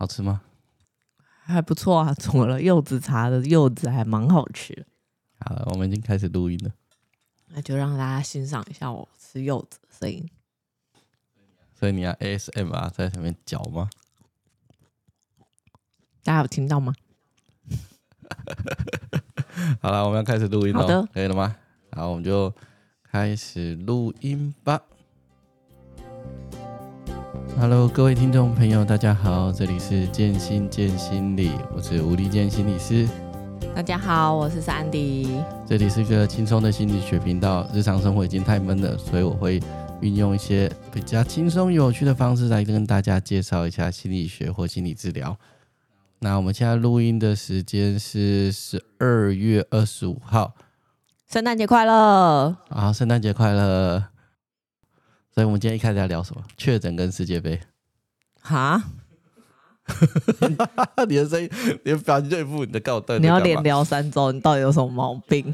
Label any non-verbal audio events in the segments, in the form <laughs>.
好吃嗎？還不錯啊，除了柚子茶的柚子還蠻好吃。好了，我們已經開始錄音了，那就讓大家欣賞一下我吃柚子的聲音。所以你要、啊、ASMR 在上面嚼嗎？大家有聽到嗎？ <laughs> 好了，我們要開始錄音了，可以了嗎？好，我們就開始錄音吧。Hello，各位聽眾朋友，大家好，這裡是健心見心理，我是武力建心理師。大家好，我是珊迪。這裡是一個輕鬆的心理學頻道，日常生活已經太悶了，所以我會運用一些比較輕鬆有趣的方式來跟大家介紹一下心理學或心理治療。那我們現在錄音的時間是十二月二十五號，聖誕節快樂！啊，聖誕節快樂！所以我們今天一開始要聊什麼？確診跟世界杯？哈， <laughs> 你的聲聲音， <laughs> 你的表情最你的告蛋。你要連聊三週，你到底有什麼毛病？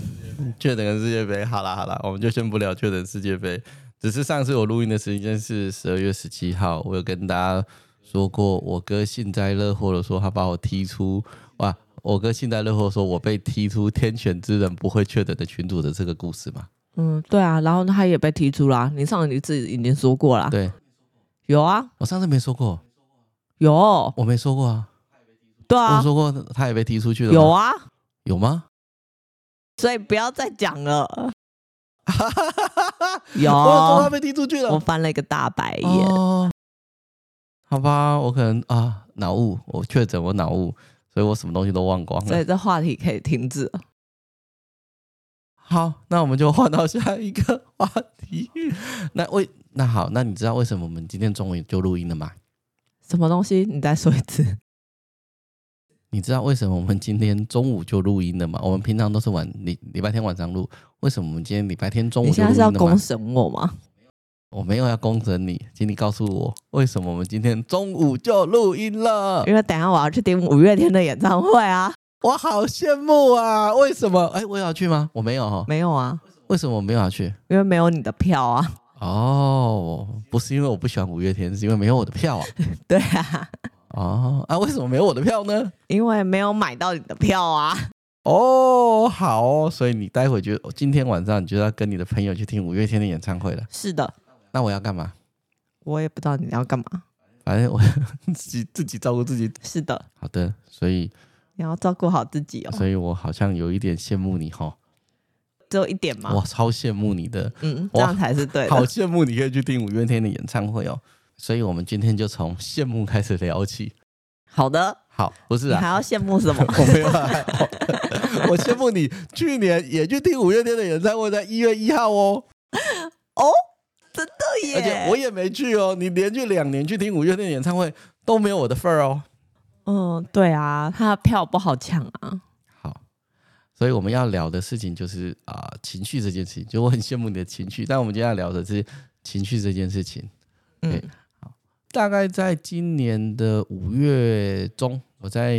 確診跟世界杯，好啦好啦，我們就先不聊確診世界杯。只是上次我錄音的時間是十二月十七號，我有跟大家說過，我哥幸災樂禍的說他把我踢出，哇！我哥幸災樂禍說我被踢出天選之人不會確診的群組的這個故事嗎？嗯，對啊，然後他也被踢出了。你上次你自己已經說過了，對，有啊，我上次沒說過，有，我沒說過啊，對啊，我說過他也被踢出去了，有啊，有嗎？所以不要再講了， <laughs> 有，我說他被踢出去了，我翻了一個大白眼。哦，好吧，我可能啊腦霧，我確診我腦霧，所以我什麼東西都忘光了，所以這話題可以停止。好，那我們就換到下一個話題。那為那好，那你知道為什麼我們今天中午就錄音了嗎？什麼東西？你再說一次。你知道為什麼我們今天中午就錄音了嗎？我們平常都是晚禮禮拜天晚上錄，為什麼我們今天禮拜天中午就錄音了？你現在是要公審我嗎？我沒有要公審你，請你告訴我，為什麼我們今天中午就錄音了？因為等下我要去聽五月天的演唱會啊。我好羨慕啊！為什麼？哎、欸，我也要去嗎？我沒有、哦，沒有啊。為什麼我沒有要去？因為沒有你的票啊。哦，不是因為我不喜歡五月天，是因為沒有我的票啊。 <laughs> 對啊。哦，啊，為什麼沒有我的票呢？因為沒有買到你的票啊。哦，好，所以你待會就今天晚上，你就要跟你的朋友去聽五月天的演唱會了。是的。那我要幹嘛？我也不知道你要幹嘛。反正我 <laughs> 自己自己照顧自己。是的。好的，所以。你要照顧好自己哦，所以我好像有一點羨慕你哈，只有一點嗎？哇，超羨慕你的，嗯，這樣才是對的。好羨慕你可以去聽五月天的演唱會哦，所以我們今天就從羨慕開始聊起。好的，好，不是啊，你還要羨慕什麼？ <laughs> 我沒有， <laughs> 我羨慕你去年也去聽五月天的演唱會，在一月一號哦，哦，真的耶，而且我也沒去哦，你連續兩年去聽五月天的演唱會都沒有我的份兒哦。嗯，對啊，他的票不好搶啊。好，所以我們要聊的事情就是啊、呃，情緒這件事情，就我很羨慕你的情緒。但我們今天要聊的是情緒這件事情。嗯，欸、好，大概在今年的五月中，我在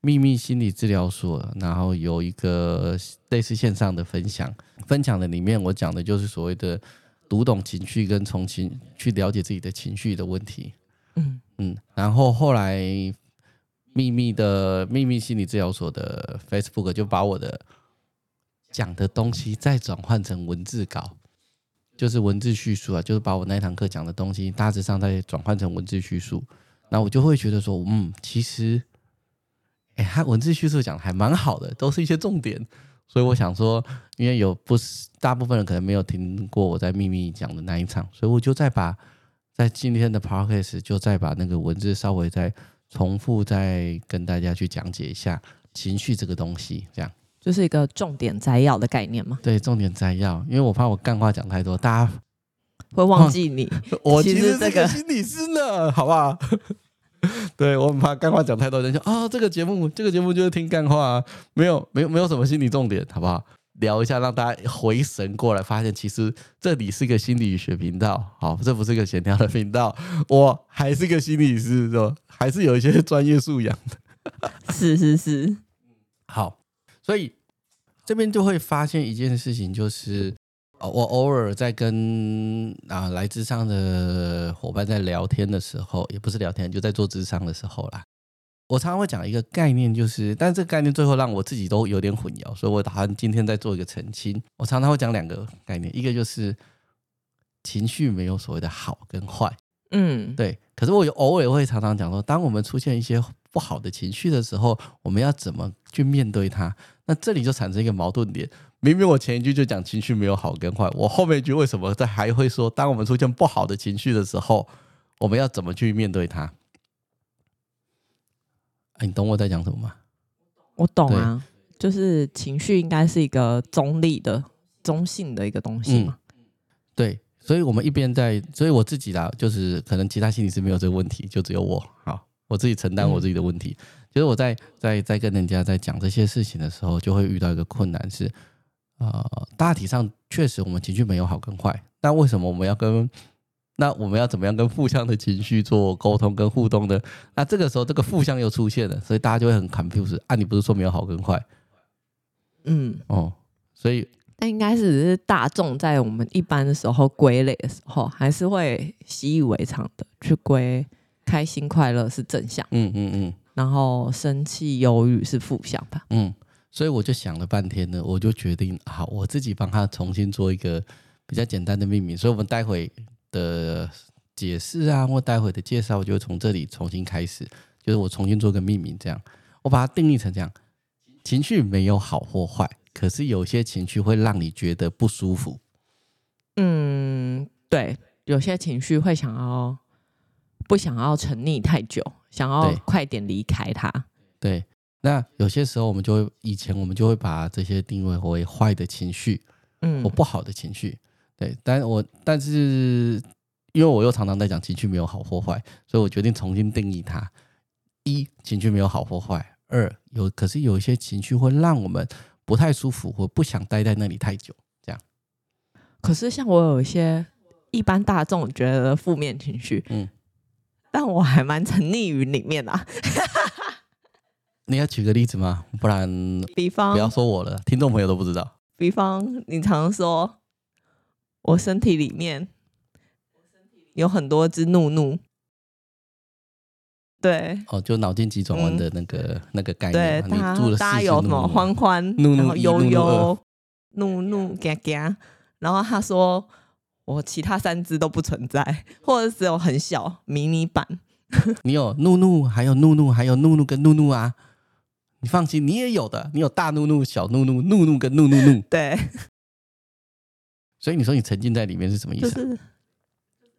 覓汨心理治療所，然後有一個類似線上的分享。分享的裡面，我講的就是所謂的讀懂情緒跟從情去了解自己的情緒的問題。嗯嗯，然後後來。覓汨的覓汨心理治療所的 Facebook 就把我的講的東西再轉換成文字稿，就是文字敘述啊，就是把我那一堂課講的東西大致上再轉換成文字敘述。那我就會覺得說，嗯，其實，哎，他文字敘述講的還蠻好的，都是一些重點。所以我想說，因為有不是大部分人可能沒有聽過我在覓汨講的那一場，所以我就再把在今天的 Podcast 就再把那個文字稍微再。重複再跟大家去講解一下情緒這個東西，這樣就是一個重點摘要的概念嘛。對，重點摘要，因為我怕我乾話講太多，大家會忘記你。哦、其我其實是個心理師呢，好不好？ <laughs> 對，我很怕乾話講太多，人家啊這個節目這個節目就是聽乾話、啊，沒有沒有沒有什麼心理重點，好不好？聊一下，讓大家回神過來，發現其實這裡是個心理學頻道，好、哦，這不是個閒聊的頻道，我還是個心理師，說還是有一些專業素養的， <laughs> 是是是，好，所以這邊就會發現一件事情，就是、呃、我偶爾在跟啊、呃，來諮商的夥伴在聊天的時候，也不是聊天，就在做諮商的時候啦。我常常會講一個概念，就是，但是這個概念最後讓我自己都有點混淆，所以我打算今天再做一個澄清。我常常會講兩個概念，一個就是情緒沒有所謂的好跟壞，嗯，對。可是我偶爾會常常講說，當我們出現一些不好的情緒的時候，我們要怎麼去面對它？那這裡就產生一個矛盾點。明明我前一句就講情緒沒有好跟壞，我後面一句為什麼在還會說，當我們出現不好的情緒的時候，我們要怎麼去面對它？哎，你懂我在講什麼嗎？我懂啊，就是情緒應該是一個中立的、中性的一個東西嘛。嗯、對，所以，我們一邊在，所以我自己啦，就是可能其他心理師沒有這個問題，就只有我，好，我自己承擔我自己的問題。嗯、就是我在在在跟人家在講這些事情的時候，就會遇到一個困難是，呃，大體上確實我們情緒沒有好跟壞，但為什麼我們要跟？那我們要怎麼樣跟負向的情緒做溝通跟互動呢？那這個時候這個負向又出現了，所以大家就會很 confused。啊，你不是說沒有好跟壞？嗯，哦，所以那應該是只是大眾在我們一般的時候歸類的時候，還是會習以為常的去歸開心快樂是正向，嗯嗯嗯，然後生氣憂鬱是負向吧？嗯，所以我就想了半天呢，我就決定好，我自己幫他重新做一個比較簡單的命名，所以我們待會。呃，解釋啊，或待會的介紹，我就從這裡重新開始，就是我重新做個命名，這樣我把它定義成這樣：情緒沒有好或壞，可是有些情緒會讓你覺得不舒服。嗯，對，有些情緒會想要不想要沉溺太久，想要快點離開它。對，那有些時候我們就會以前我們就會把這些定位為壞的情緒，嗯，或不好的情緒。嗯對，但我但是因為我又常常在講情緒沒有好或壞，所以我決定重新定義它：一，情緒沒有好或壞；二，有可是有一些情緒會讓我們不太舒服或不想待在那裡太久。這樣。可是像我有一些一般大眾覺得負面情緒，嗯，但我還蠻沉溺於裡面啊。 <laughs> 你要舉個例子嗎？不然，比方不要說我了，聽眾朋友都不知道。比方你常說。我身體裡面，有很多隻怒怒，對，哦，就腦筋急轉彎的那個、嗯、那個概念，對，大家有什麼歡歡、怒怒、怒怒、然後悠悠、怒怒、嘎嘎，然後他說我其他三隻都不存在，或者只有很小迷你版。你有怒怒，還有怒怒，還有怒怒，還有怒怒跟怒怒啊！你放心，你也有的，你有大怒怒、小怒怒、怒怒跟怒怒怒，對。所以你說你沉浸在裡面是什麼意思？啊？就是，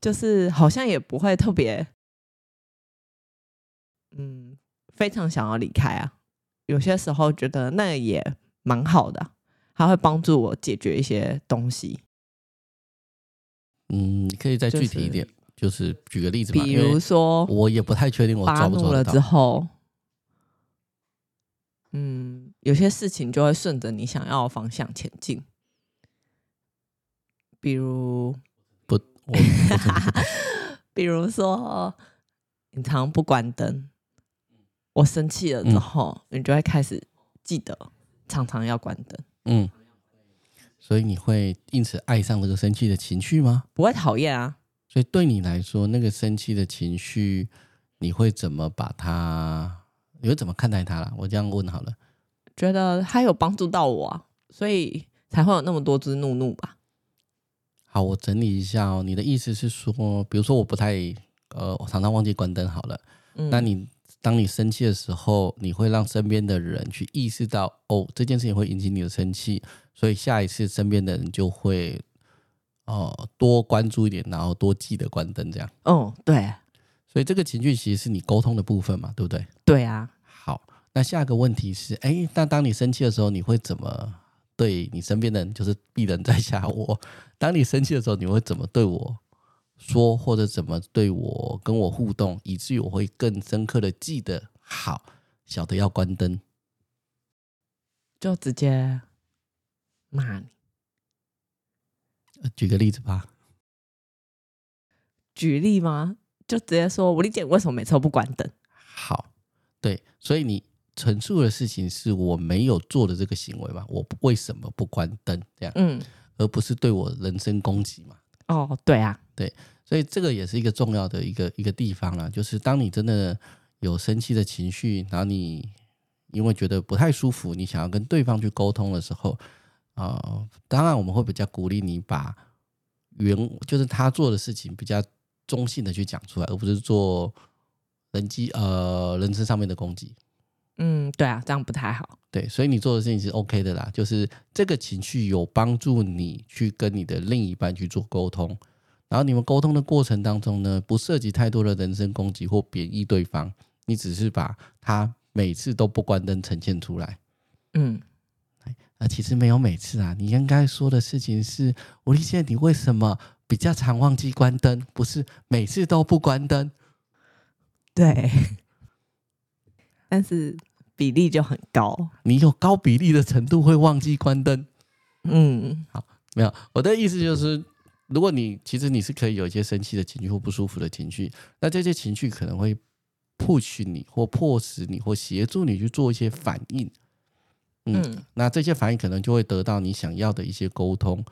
就是好像也不會特別，嗯，非常想要離開啊。有些時候覺得那也蠻好的，啊，他會幫助我解決一些東西。嗯，你可以再具體一點，就是、就是、舉個例子吧，比如說，我也不太確定我抓不抓得到，我發怒了之後，嗯，有些事情就會順着你想要的方向前進。比如不，我我不 <laughs> 比如說你常不關燈，我生氣了之後、嗯，你就會開始記得常常要關燈。嗯，所以你會因此愛上這個生氣的情緒嗎？不會討厭啊。所以對你來說，那個生氣的情緒，你會怎麼把它？你會怎麼看待它啦？我這樣問好了。覺得它有幫助到我、啊，所以才會有那麼多只怒怒吧。好，我整理一下哦。你的意思是說，比如說我不太呃，我常常忘記關燈好了。嗯，那你當你生氣的時候，你會讓身邊的人去意識到哦，這件事情會引起你的生氣，所以下一次身邊的人就會哦、呃、多關注一點，然後多記得關燈這樣。哦，對。所以這個情緒其實是你溝通的部分嘛，對不對？對啊。好，那下一個問題是，哎，那當你生氣的時候，你會怎麼？對你身邊的人，就是鄙人在下我。當你生氣的時候，你會怎麼對我說，或者怎麼對我跟我互動，以至於我會更深刻的記得？好，小的要關燈，就直接罵你。舉個例子吧。舉例嗎？就直接說，我理解為什麼每次都不關燈。好，對，所以你。陳述的事情是我沒有做的這個行為吧，我為什麼不關燈？這樣，嗯，而不是對我人身攻擊嘛。哦，對啊，對，所以這個也是一個重要的一個一個地方啦，就是當你真的有生氣的情緒，然後你因為覺得不太舒服，你想要跟對方去溝通的時候，啊，呃，當然我們會比較鼓勵你把原就是他做的事情比較中性的去講出來，而不是做人機、呃人身上面的攻擊。嗯，對啊，這樣不太好。對，所以你做的事情是 OK 的啦，就是這個情緒有幫助你去跟你的另一半去做溝通，然後你們溝通的過程當中呢，不涉及太多的人身攻擊或貶義對方，你只是把他每次都不關燈呈現出來。嗯，啊，其實沒有每次啊，你應該說的事情是我理解你為什麼比較常忘記關燈，不是每次都不關燈。對。但是比例就很高。你有高比例的程度會忘記關燈。嗯，好，沒有。我的意思就是，如果你其實你是可以有一些生氣的情緒或不舒服的情緒，那這些情緒可能會 push 你或迫使你或迫使你或協助你去做一些反應。嗯。嗯，那這些反應可能就會得到你想要的一些溝通。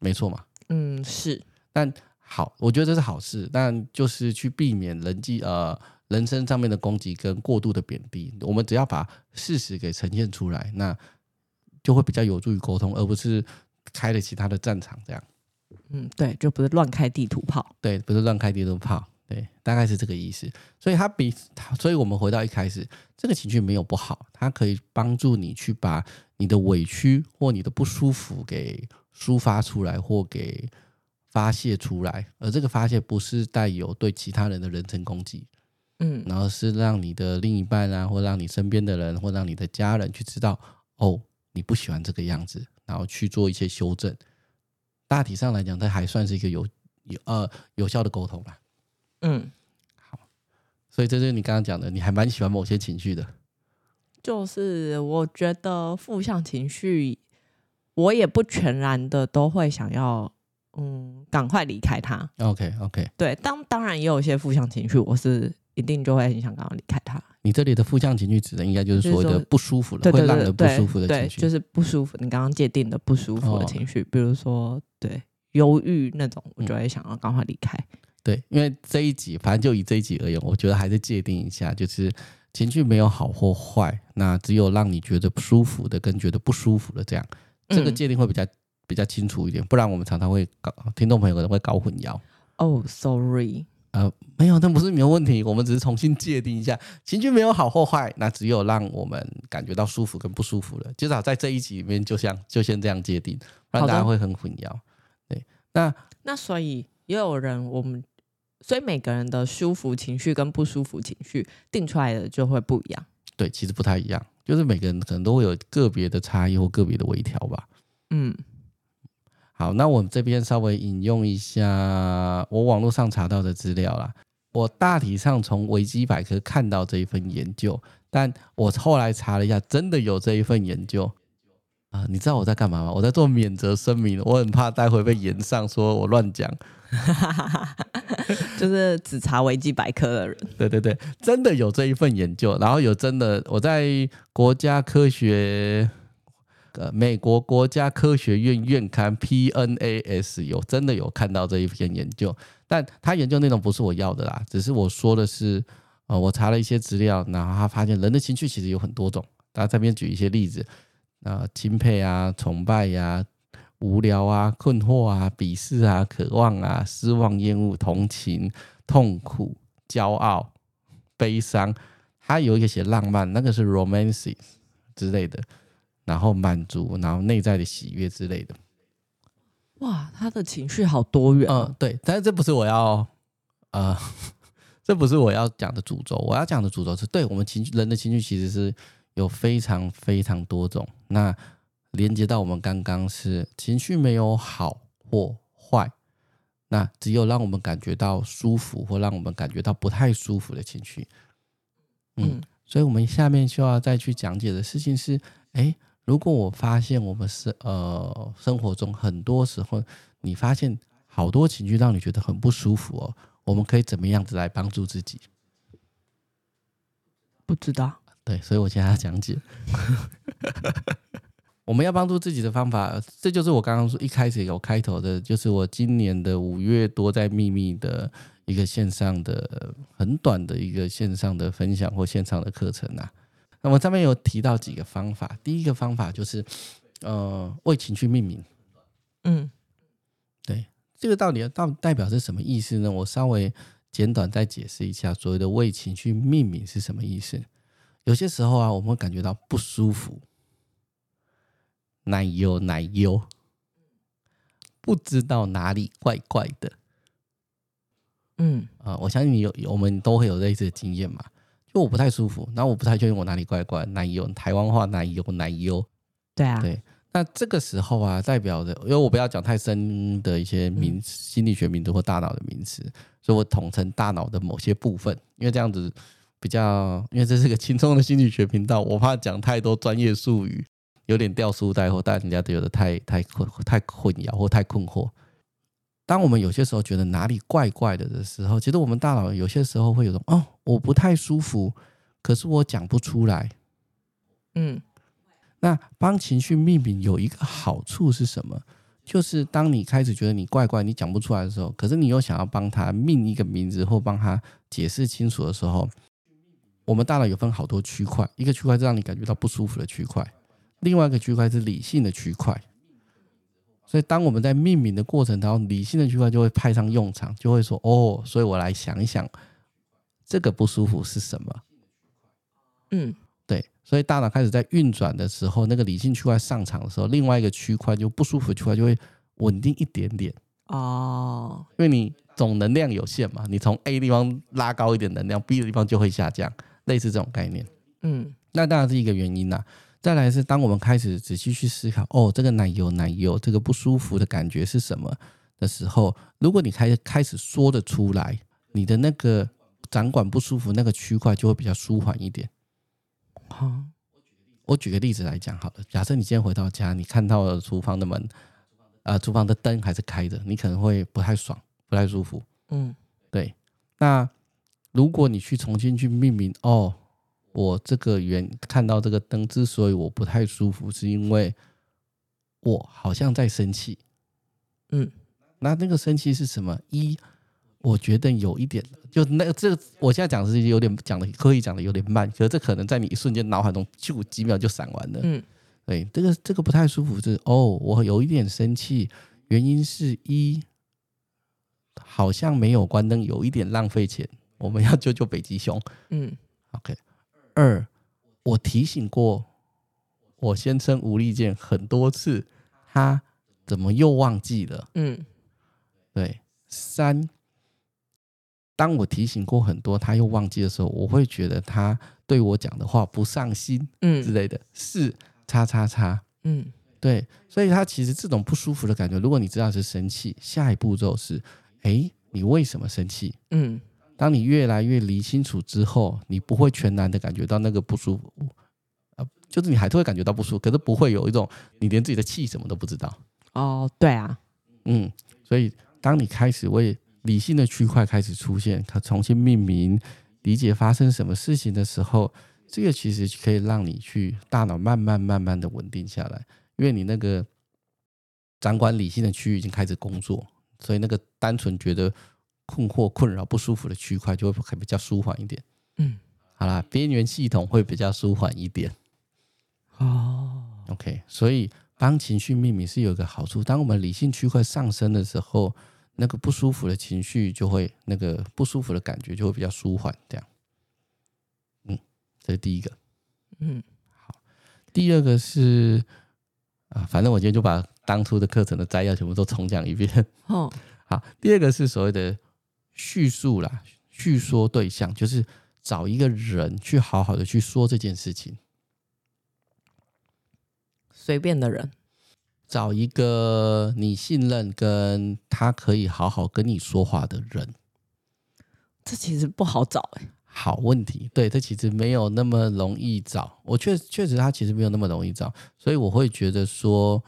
沒錯嘛。嗯，是。但好，我覺得這是好事。但就是去避免人際呃。人身上面的攻擊跟過度的貶低，我們只要把事實給呈現出來，那就會比較有助於溝通，而不是開了其他的戰場這樣。嗯，對，就不是亂開地圖炮，對，不是亂開地圖炮，對，大概是這個意思。所以他比，所以我們回到一開始，這個情緒沒有不好，它可以幫助你去把你的委屈或你的不舒服給抒發出來，或給發洩出來，而這個發洩不是帶有對其他人的人身攻擊。嗯，然後是讓你的另一半啊，或讓你身邊的人，或讓你的家人去知道，哦，你不喜歡這個樣子，然後去做一些修正。大體上來講，它還算是一個有有呃有效的溝通吧。嗯，好，所以這就是你剛剛講的，你還蠻喜歡某些情緒的。就是我覺得負向情緒，我也不全然的都會想要，嗯，趕快離開他。OK OK，對，當當然也有一些負向情緒，我是。一定就會很想趕快離開他。你這裡的負向情緒指的應該就是說的不舒服，了，就是，會讓人不舒服的情緒，就是不舒服。嗯、你剛剛界定的不舒服的情緒，哦，比如說對憂鬱那種，我就會想要趕快離開，嗯。對，因為這一集，反正就以這一集而言，我覺得還是界定一下，就是情緒沒有好或壞，那只有讓你覺得不舒服的跟覺得不舒服的這樣，這個界定會比較、嗯、比較清楚一點。不然我們常常會搞聽眾朋友可能會搞混淆。哦、oh, sorry. 呃，沒有，那不是沒有問題，我們只是重新界定一下情緒沒有好或壞，那只有讓我們感覺到舒服跟不舒服了，至少在這一集裡面，就像，就先這樣界定，不然大家會很混淆。對，那那所以也有人我們，所以每個人的舒服情緒跟不舒服情緒定出來的就會不一樣。對，其實不太一樣，就是每個人可能都會有個別的差異或個別的微調吧。嗯。好，那我們這邊稍微引用一下我網絡上查到的資料啦。我大體上從維基百科看到這一份研究，但我後來查了一下，真的有這一份研究啊、呃！你知道我在幹嘛嗎？我在做免責聲明，我很怕待會被炎上說我亂講， <laughs> 就是只查維基百科的人。 <laughs> 對對對，真的有這一份研究，然後有真的我在國家科學。呃，美國國家科學院院刊 P N A S 有真的有看到這一篇研究，但他研究內容不是我要的啦，只是我說的是，呃，我查了一些資料，然後他發現人的情緒其實有很多種。大家這邊舉一些例子，呃，欽佩啊、崇拜呀、啊、無聊啊、困惑啊、鄙視啊、渴望啊、失望、厭惡、同情、痛苦、驕傲、悲傷，他有一些浪漫，那個是 romances 之類的。然後滿足，然後內在的喜悅之類的。哇，他的情緒好多元、啊。嗯、呃，對，但是這不是我要，呃，呵呵這不是我要講的主軸。我要講的主軸是，對我們情緒，人的情緒其實是有非常非常多種。那連接到我們剛剛是情緒沒有好或壞，那只有讓我們感覺到舒服或讓我們感覺到不太舒服的情緒。嗯，嗯，所以我們下面就要再去講解的事情是，哎。如果我發現我們是呃生活中很多時候，你發現好多情緒讓你覺得很不舒服哦，我們可以怎麼樣子來幫助自己？不知道。對，所以我現在要講解。 <laughs> <laughs> 我們要幫助自己的方法，這就是我剛剛說一開始有開頭的，就是我今年的五月多在覓汨的一個線上的很短的一個線上的分享或線上的課程啊。那我上面有提到幾個方法，第一個方法就是，呃，為情緒命名。嗯，對，這個到底到底代表是什麼意思呢？我稍微簡短再解釋一下，所謂的為情緒命名是什麼意思？有些時候啊，我們會感覺到不舒服，奶油奶油，不知道哪裡怪怪的。嗯，啊，呃，我相信你有，我們都會有類似的經驗嘛。就我不太舒服，然後我不太確定我哪裡怪怪。奶油台灣話奶油奶油，對啊，對。那這個時候啊，代表的，因為我不要講太深的一些名詞，心理學名詞或大腦的名詞，嗯，所以我統稱大腦的某些部分，因為這樣子比較，因為這是個輕鬆的心理學頻道，我怕講太多專業術語，有點掉書袋或大家都有得太太困擾太困擾或太困惑。當我們有些時候覺得哪裡怪怪的的時候，其實我們大腦有些時候會有種哦，我不太舒服，可是我講不出來。嗯，那幫情緒命名有一個好處是什麼？就是當你開始覺得你怪怪，你講不出來的時候，可是你又想要幫他命一個名字或幫他解釋清楚的時候，我們大腦有分好多區塊，一個區塊是讓你感覺到不舒服的區塊，另外一個區塊是理性的區塊。所以，當我們在命名的過程當中，理性的區塊就會派上用場，就會說：“哦，所以我來想一想，這個不舒服是什麼？”嗯，對。所以大腦開始在運轉的時候，那個理性區塊上場的時候，另外一個區塊就不舒服的區塊就會穩定一點點。哦，因為你總能量有限嘛，你從 A 地方拉高一點能量，B 的地方就會下降，類似這種概念。嗯，那當然是一個原因啦、啊。再來是，當我們開始仔細去思考，哦，這個奶油奶油，這個不舒服的感覺是什麼的時候，如果你開開始說得出來，你的那個掌管不舒服那個區塊就會比較舒緩一點。好、嗯，我舉個例子來講好了。假設你今天回到家，你看到了廚房的門，呃，廚房的燈還是開着，你可能會不太爽，不太舒服。嗯，對。那如果你去重新去命名，哦。我這個原，看到這個燈，之所以我不太舒服，是因為我好像在生氣。嗯，那那個生氣是什麼？一，我覺得有一點，就那這個，我現在講的是有點講的，可以講的有點慢，可是這可能在你一瞬間腦海中就幾秒就閃完了。嗯，對，這個這個不太舒服，是哦，我有一點生氣，原因是一好像沒有關燈，有一點浪費錢。我們要救救北極熊。嗯。二，我提醒過，我先生無立見很多次，他怎麼又忘記了？嗯，對。三，當我提醒過很多，他又忘記的時候，我會覺得他對我講的話不上心，嗯之類的。嗯、四叉叉叉叉，叉叉叉，嗯，對。所以他其實這種不舒服的感覺，如果你知道是生氣，下一步驟是，哎，你為什麼生氣？嗯。當你越來越理清楚之後，你不會全然的感覺到那個不舒服，呃，就是你還是會感覺到不舒服，可是不會有一種你連自己的氣什麼都不知道。哦，對啊，嗯，所以當你開始為理性的區塊開始出現，它重新命名、理解發生什麼事情的時候，這個其實可以讓你去大腦慢慢慢慢的穩定下來，因為你那個掌管理性的區域已經開始工作，所以那個單純覺得。困惑、困擾、不舒服的區塊就會比較舒緩一點。嗯，好啦，邊緣系統會比較舒緩一點。哦，OK，所以幫情緒命名是有個好處。當我們理性區塊上升的時候，那個不舒服的情緒就會那個不舒服的感覺就會比較舒緩。這樣，嗯，這是第一個。嗯，好，第二個是啊，反正我今天就把當初的課程的摘要全部都重講一遍。哦，好，第二個是所謂的。敘述啦，敘說對象就是找一個人去好好的去說這件事情。隨便的人，找一個你信任跟他可以好好跟你說話的人。這其實不好找欸。好問題，對，這其實沒有那麼容易找。我確確實，他其實沒有那麼容易找，所以我會覺得說。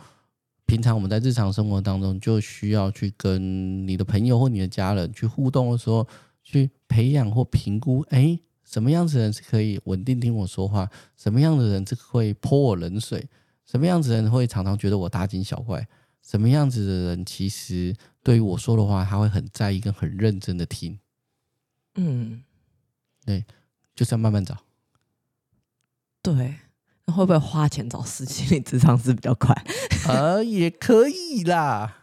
平常我們在日常生活當中，就需要去跟你的朋友或你的家人去互動的時候，去培養或評估，哎，什麼樣子的人是可以穩定聽我說話，什麼樣子的人會潑我冷水，什麼樣子的人會常常覺得我大驚小怪，什麼樣子的人其實對於我說的話，他會很在意跟很認真的聽。嗯，對，就這樣慢慢找。對。會不會花錢找諮商師？諮商師是比較快，呃，也可以啦。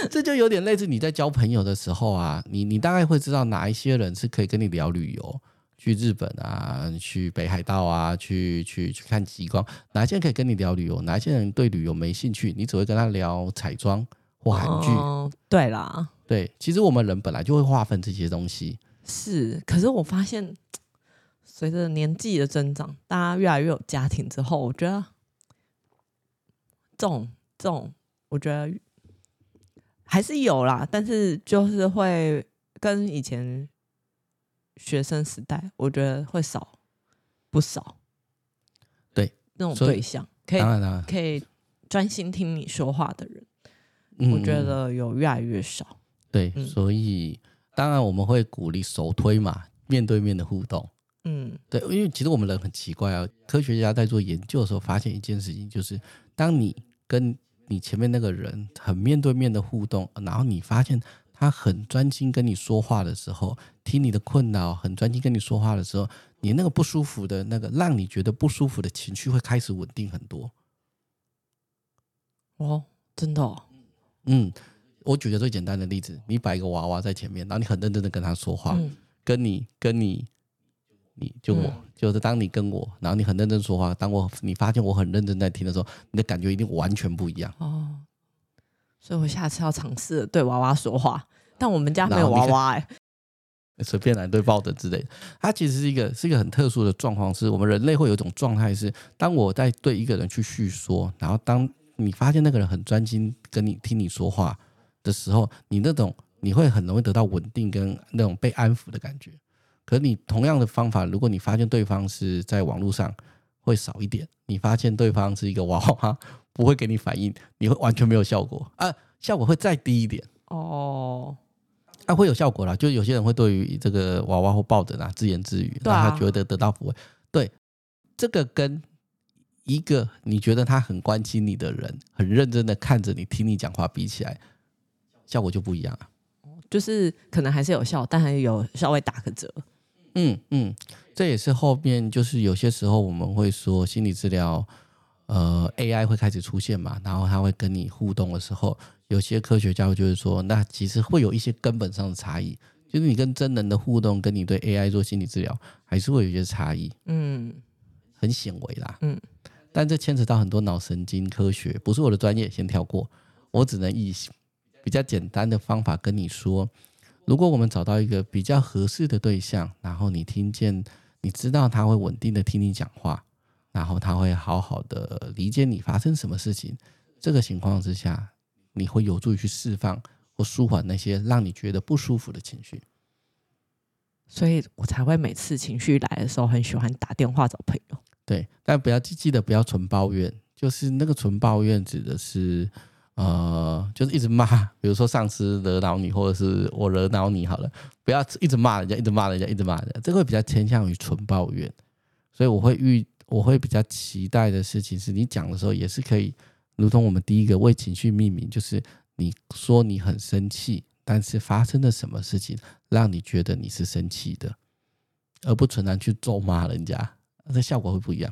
<laughs> 這就有點類似你在交朋友的時候啊，你你大概會知道哪一些人是可以跟你聊旅遊，去日本啊，去北海道啊，去去去看極光，哪一些人可以跟你聊旅遊，哪一些人對旅遊沒興趣，你只會跟他聊彩妝或韓劇。哦，對啦，對，其實我們人本來就會劃分這些東西。是，可是我發現。隨着年紀的增長，大家越來越有家庭之後，我覺得這種這種，我覺得還是有啦，但是就是會跟以前學生時代，我覺得會少不少。對，那種對象可以當然當然可以專心聽你說話的人，嗯，我覺得有越來越少。對，嗯、所以當然我們會鼓勵首推嘛，面對面的互動。嗯，對，因為其實我們人很奇怪啊。科學家在做研究的時候發現一件事情，就是當你跟你前面那個人很面對面的互動，然後你發現他很專心跟你說話的時候，聽你的困擾，很專心跟你說話的時候，你那個不舒服的那個讓你覺得不舒服的情緒會開始穩定很多。哦，真的哦？嗯，我舉個最簡單的例子，你擺一個娃娃在前面，然後你很認真的跟他說話，跟、嗯、你跟你。跟你你就我、嗯、就是當你跟我，然後你很認真說話，當我你發現我很認真在聽的時候，你的感覺一定完全不一樣。哦，所以我下次要嘗試對娃娃說話，但我們家沒有娃娃哎、欸。隨便來對抱的之類的，它其實是一個是一個很特殊的狀況，是我們人類會有一種狀態是，當我在對一個人去敘說，然後當你發現那個人很專心跟你聽你說話的時候，你那種你會很容易得到穩定跟那種被安撫的感覺。可你同樣的方法，如果你發現對方是在網絡上，會少一點；你發現對方是一個娃娃，不會給你反應，你會完全沒有效果啊，效果會再低一點哦。Oh. 啊，會有效果啦，就有些人會對於這個娃娃或抱枕啊，自言自語，讓、啊、他覺得得到撫慰。對，這個跟一個你覺得他很關心你的人，很認真的看着你，聽你講話比起來，效果就不一樣了。就是可能還是有效，但還有稍微打個折。嗯嗯，這也是後面就是有些時候我們會說心理治療，呃，AI 會開始出現嘛，然後他會跟你互動的時候，有些科學家會就是說，那其實會有一些根本上的差異，就是你跟真人的互動，跟你對 AI 做心理治療，還是會有些差異。嗯，很顯微啦。嗯，但這牽扯到很多腦神經科學，不是我的專業，先跳過。我只能以比較簡單的方法跟你說。如果我們找到一個比較合適的對象，然後你聽見，你知道他會穩定的聽你講話，然後他會好好的理解你發生什麼事情，這個情況之下，你會有助於去釋放或舒緩那些讓你覺得不舒服的情緒，所以我才會每次情緒來的時候，很喜歡打電話找朋友。對，但不要記，記得不要純抱怨，就是那個純抱怨指的是。呃，就是一直罵，比如說上司惹惱你，或者是我惹惱你，好了，不要一直罵人家，一直罵人家，一直罵人家，這個比較傾向於純抱怨。所以我會遇，我會比較期待的事情是你講的時候也是可以，如同我們第一個為情緒命名，就是你說你很生氣，但是發生了什麼事情讓你覺得你是生氣的，而不純然去咒罵人家，這效果會不一樣。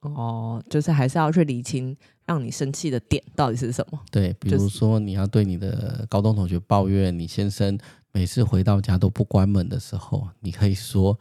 哦，就是還是要去理清讓你生氣的點到底是什麼？對，比如說你要對你的高中同學抱怨你先生每次回到家都不關門的時候，你可以說：“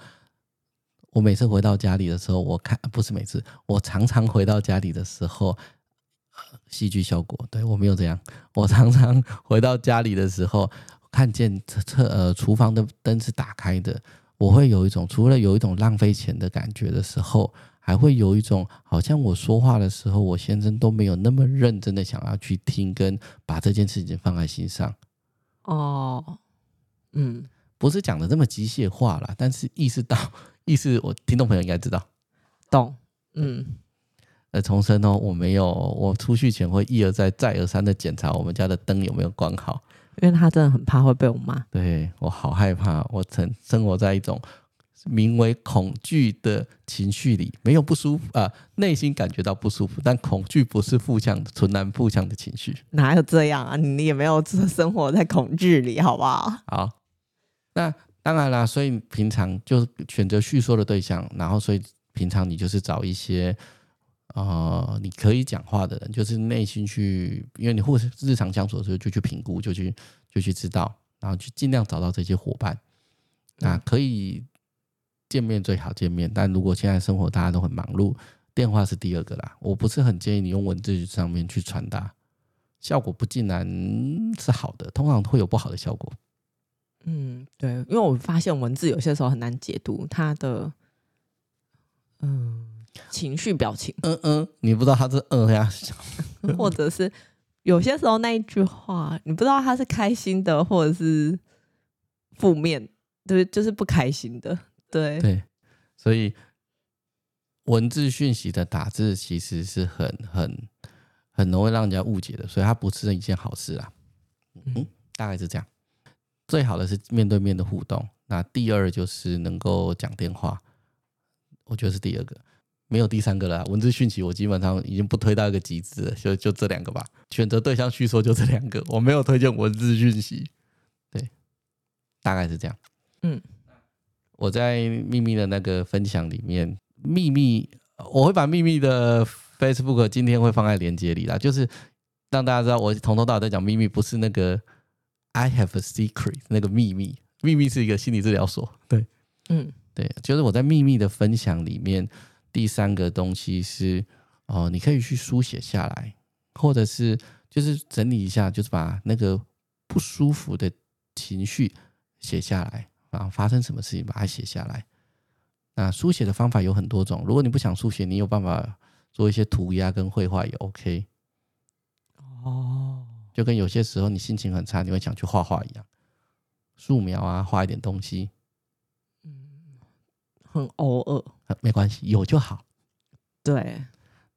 我每次回到家裡的時候，我看不是每次，我常常回到家裡的時候，呃，戲劇效果，對我沒有這樣，我常常回到家裡的時候，看見廁呃廚房的燈是打開的，我會有一種除了有一種浪費錢的感覺的時候。”還會有一種好像我說話的時候，我先生都沒有那麼認真的想要去聽，跟把這件事情放在心上。哦，嗯，不是講的這麼機械化啦，但是意識到意識，我聽眾朋友應該知道，懂，嗯，呃，重申哦，我沒有，我出去前會一而再、再而三的檢查我們家的燈有沒有關好，因為他真的很怕會被我罵，對，我好害怕，我曾生活在一種。名為恐懼的情緒裡，沒有不舒服啊、呃，內心感覺到不舒服，但恐懼不是負向的，純然負向的情緒。哪有這樣啊？你也沒有生活在恐懼裡，好不好？好，那當然啦。所以平常就選擇敘說的對象，然後所以平常你就是找一些啊、呃，你可以講話的人，就是內心去，因為你或是日常相處的時候就去評估，就去就去知道，然後去盡量找到這些夥伴，嗯、那可以。見面最好見面，但如果現在生活大家都很忙碌，電話是第二個啦。我不是很建議你用文字上面去傳達，效果不盡然是好的，通常會有不好的效果。嗯，對，因為我發現文字有些時候很難解讀它的，嗯，情緒表情。嗯嗯，你不知道他是嗯、呃、呀， <laughs> 或者是有些時候那一句話，你不知道他是開心的，或者是負面，對，就是不開心的。對，對，所以文字訊息的打字其實是很很很容易讓人家誤解的，所以它不是一件好事啊。嗯，大概是這樣。最好的是面對面的互動，那第二就是能夠講電話，我覺得是第二個，沒有第三個了啦。文字訊息我基本上已經不推到一個極致了，就就這兩個吧。選擇對象訴說就這兩個，我沒有推薦文字訊息。對，大概是這樣。嗯。我在覓汨的那個分享裡面，覓汨，我會把覓汨的 Facebook 今天會放在鏈接裡啦就是讓大家知道我從頭到尾在講覓汨，不是那個 I have a secret 那個祕密，覓汨是一個心理治療所。對，嗯，對，就是我在覓汨的分享裡面，第三個東西是哦，你可以去書寫下來，或者是就是整理一下，就是把那個不舒服的情緒寫下來。然後發生什麼事情，把它寫下來。那書寫的方法有很多種。如果你不想書寫，你有辦法做一些塗鴉跟繪畫也 OK。哦，就跟有些時候你心情很差，你會想去畫畫一樣，素描啊，畫一點東西。嗯，很偶爾，沒關係，有就好。對，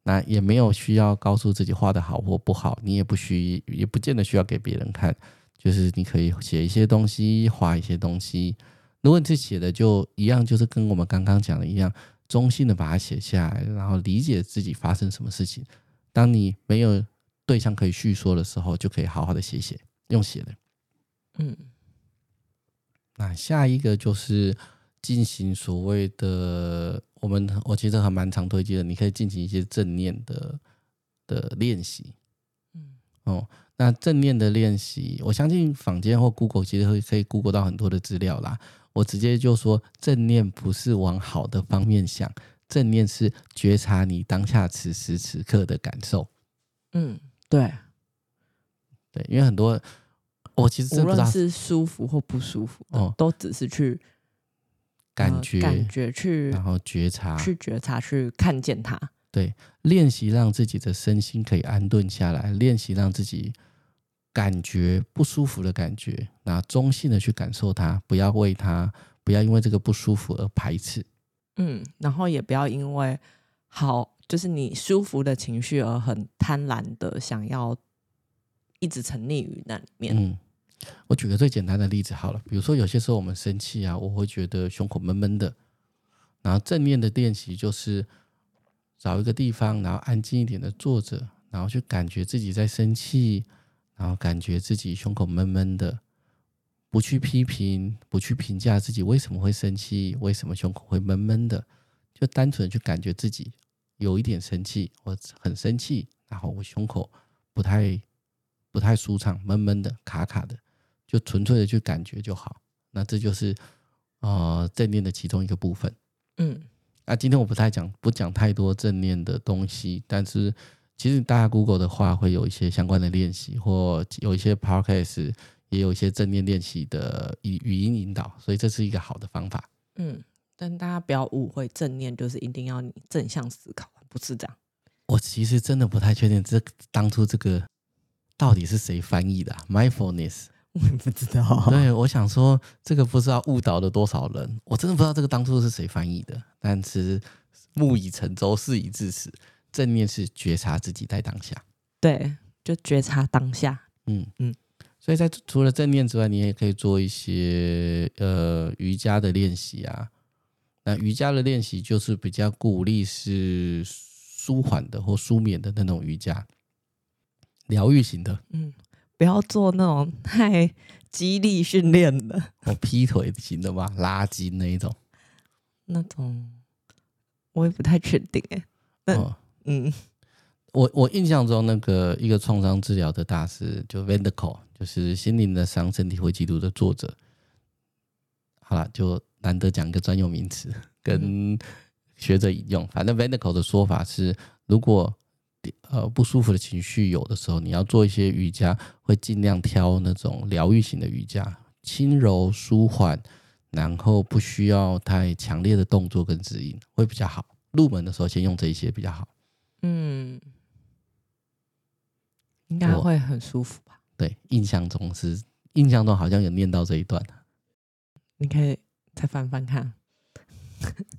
那也沒有需要告訴自己畫得好或不好，你也不需要，也不見得需要給別人看。就是你可以寫一些東西，畫一些東西。如果你是寫的，就一樣，就是跟我們剛剛講的一樣，中性的把它寫下來，然後理解自己發生什麼事情。當你沒有對象可以敘說的時候，就可以好好的寫寫，用寫的。嗯。那下一個就是進行所謂的我們，我其實還蠻常推薦的，你可以進行一些正念的的練習。嗯。哦。那正念的練習，我相信坊間或 Google 其實會可以 Google 到很多的資料啦。我直接就說，正念不是往好的方面想，正念是覺察你當下此時此刻的感受。嗯，對，對，因為很多我、哦、其實真的無論是舒服或不舒服，哦，都只是去感覺、呃、感覺去，然後覺察去覺察去看見它。對，練習讓自己的身心可以安頓下來，練習讓自己。感覺不舒服的感覺，然後中性的去感受它，不要為它，不要因為這個不舒服而排斥，嗯，然後也不要因為好就是你舒服的情緒而很貪婪的想要一直沉溺於那裡面。嗯，我舉個最簡單的例子好了，比如說有些時候我們生氣啊，我會覺得胸口悶悶的，然後正念的練習就是找一個地方，然後安靜一點的坐着，然後去感覺自己在生氣。然後感覺自己胸口悶悶的，不去批評，不去評價自己為什麼會生氣，為什麼胸口會悶悶的，就單純的去感覺自己有一點生氣，我很生氣，然後我胸口不太不太舒暢，悶悶的，卡卡的，就純粹的去感覺就好。那這就是啊、呃，正念的其中一個部分。嗯，那、啊、今天我不太講，不講太多正念的東西，但是。其實大家 Google 的話會有一些相關的練習，或有一些 Podcast，也有一些正念練習的語語音引導，所以這是一個好的方法。嗯，但大家不要誤會，正念就是一定要正向思考，不是這樣。我其實真的不太確定這當初這個到底是誰翻譯的啊？Mindfulness，我不知道。對，我想說這個不知道誤導了多少人，我真的不知道這個當初是誰翻譯的，但其實木已成舟，事已至此。正念是覺察自己在當下，對，就覺察當下。嗯嗯，所以在除了正念之外，你也可以做一些呃瑜伽的練習啊。那瑜伽的練習就是比較鼓勵是舒緩的或舒眠的那種瑜伽，療癒型的。嗯，不要做那種太激勵訓練的哦，劈腿型的吧，拉筋那一種。那種我也不太確定嗯、欸。嗯，我我印象中那個一個創傷治療的大師就 van der Kolk 就是《心靈的傷，身體會記錄》的作者。好了，就難得講一個專有名詞，跟學者引用。反正 van der Kolk 的說法是，如果呃不舒服的情緒有的時候，你要做一些瑜伽，會盡量挑那種療癒型的瑜伽，輕柔舒緩，然後不需要太強烈的動作跟指引，會比較好。入門的時候先用這一些比較好。嗯，應該會很舒服吧？對，印象中是印象中好像有念到這一段。你可以再翻翻看。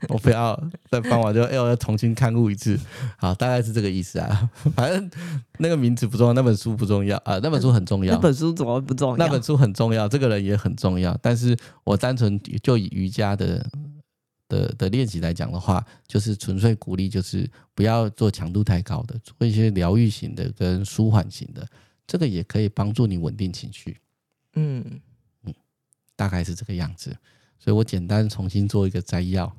我不要再翻完就又要重新看顧一次， <laughs> 好，大概是這個意思啊。反正那個名字不重要，那本書不重要啊，呃，那本書很重要。嗯，那本書怎麼不重要？那本書很重要，這個人也很重要。但是我單純就以瑜伽的。呃的練習來講的話，就是純粹鼓勵，就是不要做強度太高的，做一些療癒型的跟舒緩型的，這個也可以幫助你穩定情緒。嗯嗯，大概是這個樣子。所以我簡單重新做一個摘要：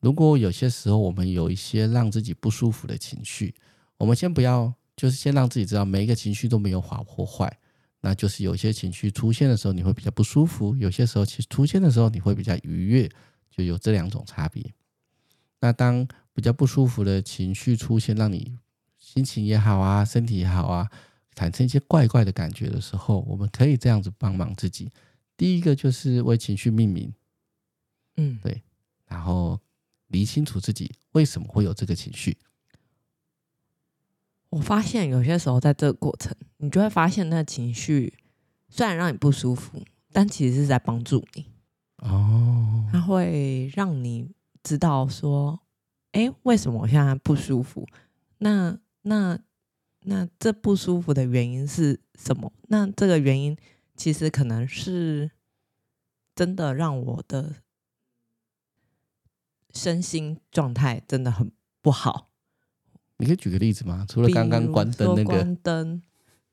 如果有些時候我們有一些讓自己不舒服的情緒，我們先不要，就是先讓自己知道，每一個情緒都沒有好或壞，那就是有些情緒出現的時候你會比較不舒服，有些時候其實出現的時候你會比較愉悅。就有這兩種差別。那當比較不舒服的情緒出現，讓你心情也好啊，身體也好啊，產生一些怪怪的感覺的時候，我們可以這樣子幫忙自己。第一個就是為情緒命名，嗯，對，然後理清楚自己為什麼會有這個情緒。我發現有些時候在這個過程，你就會發現那情緒雖然讓你不舒服，但其實是在幫助你。哦，他會讓你知道說，哎，為什麼我現在不舒服？那那那這不舒服的原因是什麼？那這個原因其實可能是真的讓我的身心狀態真的很不好。你可以舉個例子嗎？除了剛剛關燈、那個、關燈、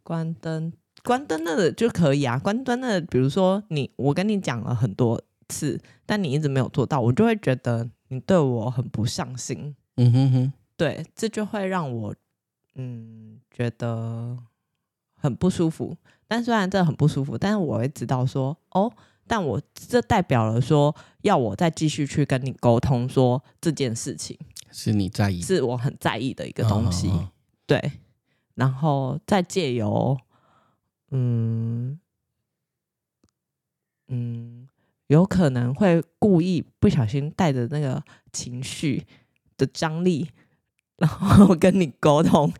關燈、關燈那個就可以啊。關燈的，比如說你，我跟你講了很多。次，但你一直沒有做到，我就會覺得你對我很不上心。嗯哼哼，對，這就會讓我嗯覺得很不舒服。但雖然這很不舒服，但是我會知道說哦，但我這代表了說要我再繼續去跟你溝通說這件事情，是你在意，是我很在意的一個東西。哦哦哦對，然後再借由嗯嗯。嗯有可能會故意不小心帶着那個情緒的張力，然後跟你溝通，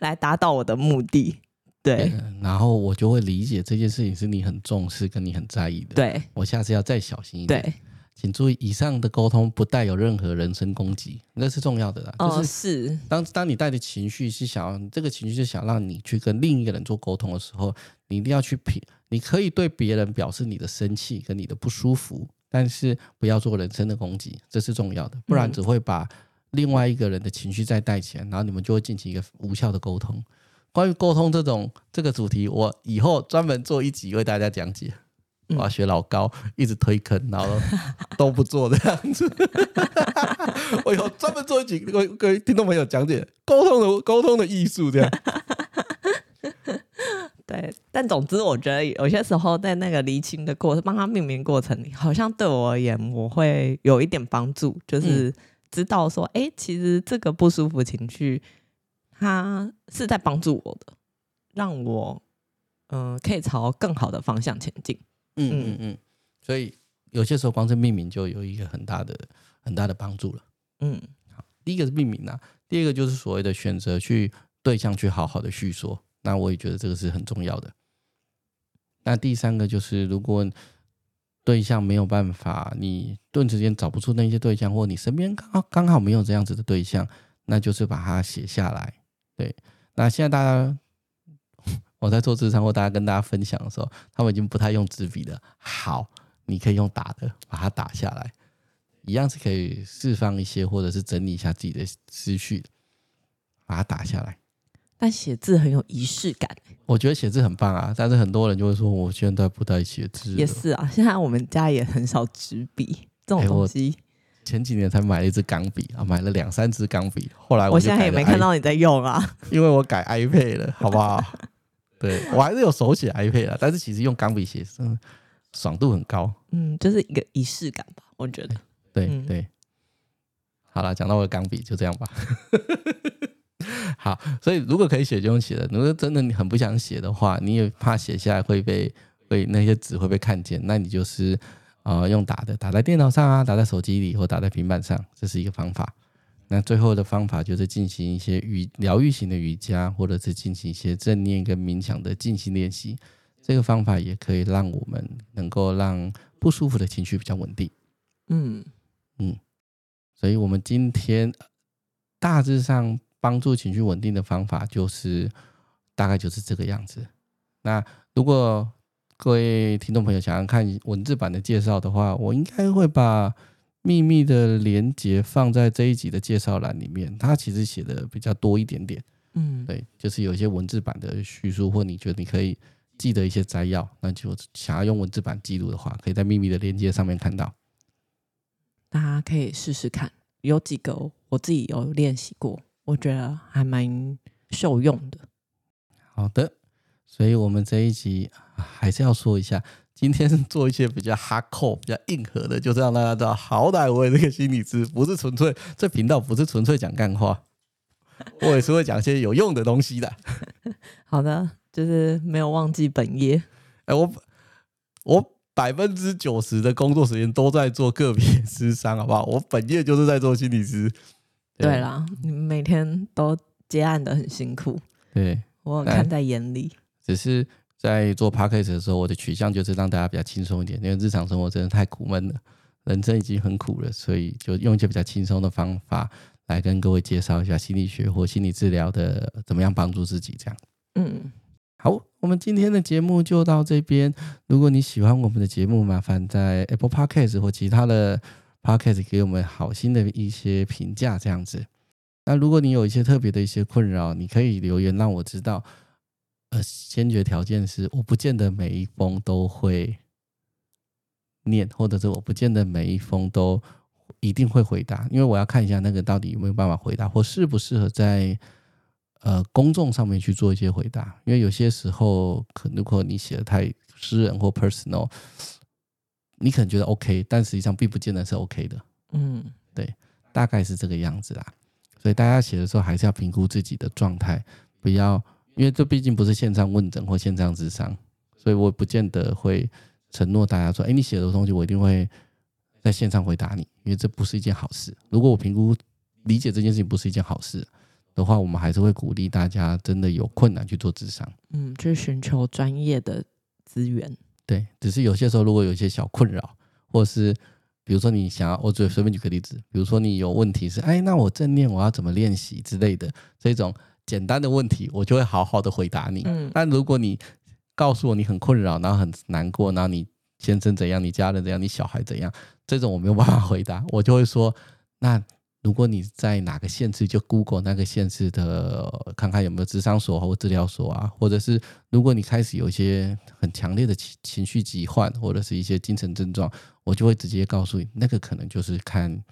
來達到我的目的。對，嗯、然後我就會理解這件事情是你很重視、跟你很在意的。對，我下次要再小心一點對。請注意，以上的溝通不帶有任何人身攻擊，那是重要的啦。就是，當、哦是。當當你帶着情緒是想要，這個情緒是想讓你去跟另一個人做溝通的時候，你一定要去品。你可以對別人表示你的生氣跟你的不舒服，但是不要做人身的攻擊，這是重要的，不然只會把另外一個人的情緒再帶起來，然後你們就會進行一個無效的溝通。關於溝通這種這個主題，我以後專門做一集為大家講解。我要學老高，一直推坑，然後都,都不做這樣子。 <laughs> 我以後專門做一集，給各位聽眾朋友講解溝通的溝通的藝術，這樣。對，但總之，我覺得有些時候在那個釐清的過程、幫他命名過程裡，好像對我而言，我會有一點幫助，就是知道說，哎、嗯欸，其實這個不舒服情緒，它是在幫助我的，讓我嗯、呃、可以朝更好的方向前進。嗯嗯嗯，嗯。所以有些時候光是命名就有一個很大的、很大的幫助了。嗯，好，第一個是命名啦、啊，第二個就是所謂的選擇去對象去好好的敘說。那我也覺得這個是很重要的。那第三個就是，如果對象沒有辦法，你短時間找不出那些對象，或你身邊剛好剛好沒有這樣子的對象，那就是把它寫下來。對，那現在大家我在做諮商或大家跟大家分享的時候，他們已經不太用紙筆了。好，你可以用打的把它打下來，一樣是可以釋放一些，或者是整理一下自己的思緒，把它打下來。但寫字很有儀式感，我覺得寫字很棒啊！但是很多人就會說我現在不太寫字。也是啊，現在我們家也很少紙筆這種東西。前幾年才買了一支鋼筆啊，買了兩三支鋼筆。後來我, i... 我現在也沒看到你在用啊，因為我改 iPad 了，好不好？ <laughs> 對，我還是有手寫 iPad，但是其實用鋼筆寫字，嗯，爽度很高。嗯，就是一個儀式感吧，我覺得。對對，對嗯，好了，講到我的鋼筆，就這樣吧。 <laughs> 好，所以如果可以寫就用寫的。如果真的你很不想寫的話，你也怕寫下來會被被那些紙會被看見，那你就是啊、呃、用打的，打在電腦上啊，打在手機裡或打在平板上，這是一個方法。那最後的方法就是進行一些瑜療癒型的瑜伽，或者是進行一些正念跟冥想的靜心練習。這個方法也可以讓我們能夠讓不舒服的情緒比較穩定。嗯嗯，所以我們今天大致上。幫助情緒穩定的方法就是，大概就是這個樣子。那如果各位聽眾朋友想要看文字版的介紹的話，我應該會把覓汨的鏈接放在這一集的介紹欄裡面。它其實寫的比較多一點點，嗯，對，就是有一些文字版的敘述，或你覺得你可以記得一些摘要，那就想要用文字版記錄的話，可以在覓汨的鏈接上面看到。大家可以試試看，有幾個我自己有練習過。我覺得還蠻受用的。好的，所以我們這一集還是要說一下，今天做一些比較 hardcore、比較硬核的，就是讓大家知道，好歹我也是個心理師，不是純粹這頻道不是純粹講幹話， <laughs> 我也是會講一些有用的東西的。 <laughs> <laughs> 好的，就是沒有忘記本業。欸、我我百分之九十的工作時間都在做個別諮商，好不好？我本業就是在做心理師。對了，你們每天都接案的很辛苦，對，我很看在眼裡。只是在做 Podcast 的時候，我的取向就是讓大家比較輕鬆一點，因為日常生活真的太苦悶了，人生已經很苦了，所以就用一些比較輕鬆的方法來跟各位介紹一下心理學或心理治療的怎麼樣幫助自己。這樣，嗯，好，我們今天的節目就到這邊。如果你喜歡我們的節目，麻煩在 Apple Podcast 或其他的。Podcast 給我們好心的一些評價，這樣子。那如果你有一些特別的一些困擾，你可以留言讓我知道。呃，先決條件是，我不見得每一封都會念，或者是我不見得每一封都一定會回答，因為我要看一下那個到底有沒有辦法回答，或適不適合在呃公眾上面去做一些回答。因為有些時候，可如果你寫的太私人或 personal。你可能覺得 OK，但實際上並不見得是 OK 的。嗯，對，大概是這個樣子啦。所以大家寫的時候還是要評估自己的狀態，不要因為這畢竟不是線上問診或線上諮商，所以我也不見得會承諾大家說：“哎，你寫的東西我一定會在線上回答你。”因為這不是一件好事。如果我評估理解這件事情不是一件好事的話，我們還是會鼓勵大家真的有困難去做諮商，嗯，去、就是、尋求專業的資源。對，只是有些時候，如果有一些小困擾，或是比如說你想要，我只隨便舉個例子，比如說你有問題是，哎，那我正念我要怎麼練習之類的這種簡單的問題，我就會好好的回答你。嗯。但如果你告訴我你很困擾，然後很難過，然後你先生怎樣，你家人怎樣，你小孩怎樣，這種我沒有辦法回答，我就會說那。如果你在哪個縣市，就 Google 那個縣市的，看看有沒有諮商所或治療所啊。或者是如果你開始有一些很強烈的情情緒疾患，或者是一些精神症狀，我就會直接告訴你，那個可能就是看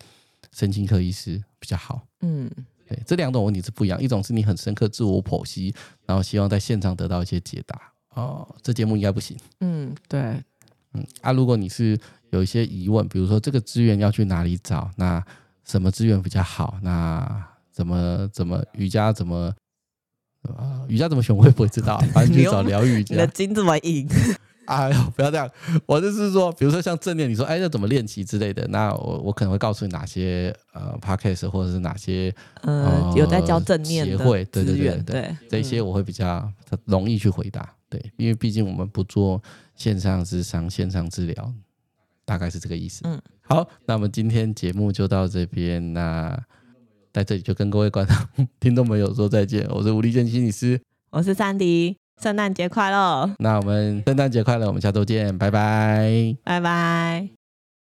神經科醫師比較好。嗯，對，這兩種問題是不一樣，一種是你很深刻自我剖析，然後希望在現場得到一些解答。哦，這節目應該不行。嗯，對，嗯，啊，如果你是有一些疑問，比如說這個資源要去哪裡找，那。什麼資源比較好？那怎麼怎麼瑜伽，怎麼啊？瑜伽怎麼選、呃、我也不會知道、啊，反正去找療癒。你的筋這麼硬！ <laughs> 哎呦，不要這樣！我就是說，比如說像正念，你說哎，要怎麼練習之類的？那我我可能會告訴你哪些呃 package 或者是哪些呃，呃，有在教正念協會資源，對，對，對，對，對，對、嗯、這些，我會比較容易去回答。對，因為畢竟我們不做線上諮商、線上治療。大概是這個意思。嗯，好，那我們今天節目就到這邊。那在這裡就跟各位觀眾、聽眾朋友說再見。我是吳立健心理師，我是珊迪，聖誕節快樂！那我們聖誕節快樂，我們下周見，拜拜，拜拜。